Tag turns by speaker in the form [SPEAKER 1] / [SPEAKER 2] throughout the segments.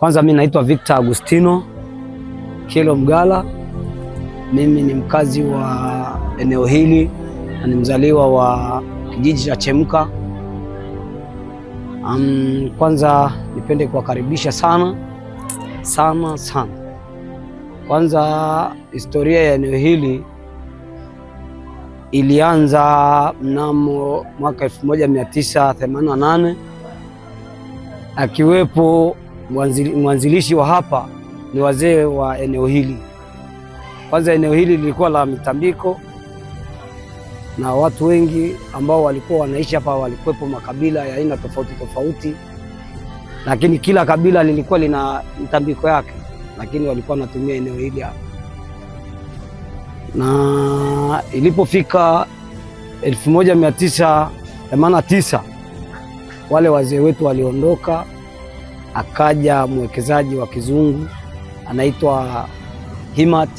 [SPEAKER 1] Kwanza mimi naitwa Victor Agustino Kilo Mgala. Mimi ni mkazi wa eneo hili na ni mzaliwa wa kijiji cha Chemka. Um, kwanza nipende kuwakaribisha sana sana sana. Kwanza historia ya eneo hili ilianza mnamo mwaka 1988 akiwepo mwanzilishi wa hapa ni wazee wa eneo hili. Kwanza eneo hili lilikuwa la mitambiko na watu wengi ambao walikuwa wanaishi hapa walikuwepo makabila ya aina tofauti tofauti, lakini kila kabila lilikuwa lina mitambiko yake, lakini walikuwa wanatumia eneo hili hapa. Na ilipofika elfu tisa wale wazee wetu waliondoka akaja mwekezaji wa kizungu anaitwa himat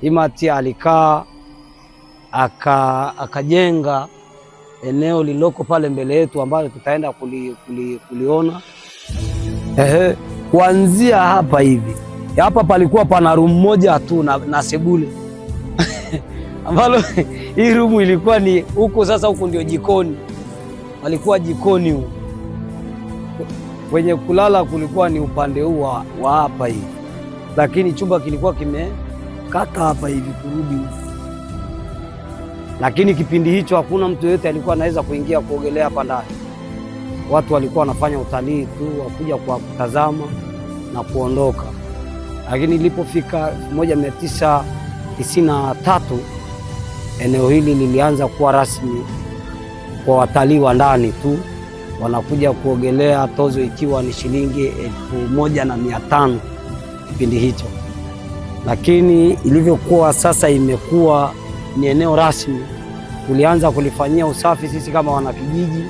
[SPEAKER 1] Himati alikaa aka, akajenga eneo lililoko pale mbele yetu ambayo tutaenda kuli, kuli, kuliona. Ehe, kuanzia hapa hivi hapa palikuwa pana rumu moja tu na, na sebule ambalo hii rumu ilikuwa ni huko, sasa huku ndio jikoni, walikuwa jikoni huko Kwenye kulala kulikuwa ni upande huu wa hapa hivi, lakini chumba kilikuwa kimekata hapa hivi kurudi huku, lakini kipindi hicho hakuna mtu yoyote alikuwa anaweza kuingia kuogelea hapa ndani. Watu walikuwa wanafanya utalii tu, wakuja kwa kutazama na kuondoka. Lakini ilipofika elfu moja mia tisa tisini na tatu eneo hili lilianza kuwa rasmi kwa watalii wa ndani tu wanakuja kuogelea, tozo ikiwa ni shilingi elfu moja na mia tano kipindi hicho, lakini ilivyokuwa sasa imekuwa ni eneo rasmi, tulianza kulifanyia usafi sisi kama wanakijiji.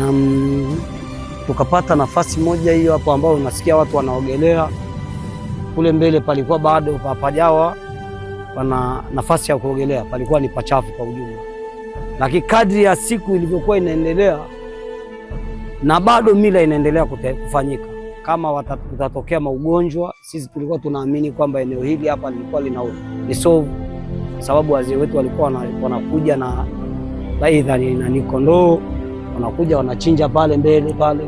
[SPEAKER 1] Um, tukapata nafasi moja hiyo hapo ambayo unasikia watu wanaogelea kule mbele, palikuwa bado hapajawa pana nafasi ya kuogelea, palikuwa ni pachafu kwa ujumla. Lakini kadri ya siku ilivyokuwa inaendelea na bado mila inaendelea kufanyika. Kama kutatokea maugonjwa, sisi tulikuwa tunaamini kwamba eneo hili hapa lilikuwa lina isovu, sababu wazee wetu walikuwa wanakuja na aidha ni kondoo, wanakuja wanachinja pale mbele pale,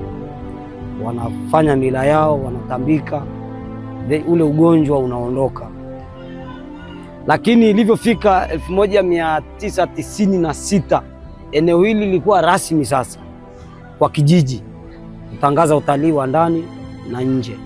[SPEAKER 1] wanafanya mila yao, wanatambika, ule ugonjwa unaondoka lakini ilivyofika 1996 eneo hili lilikuwa rasmi sasa kwa kijiji kutangaza utalii wa ndani na nje.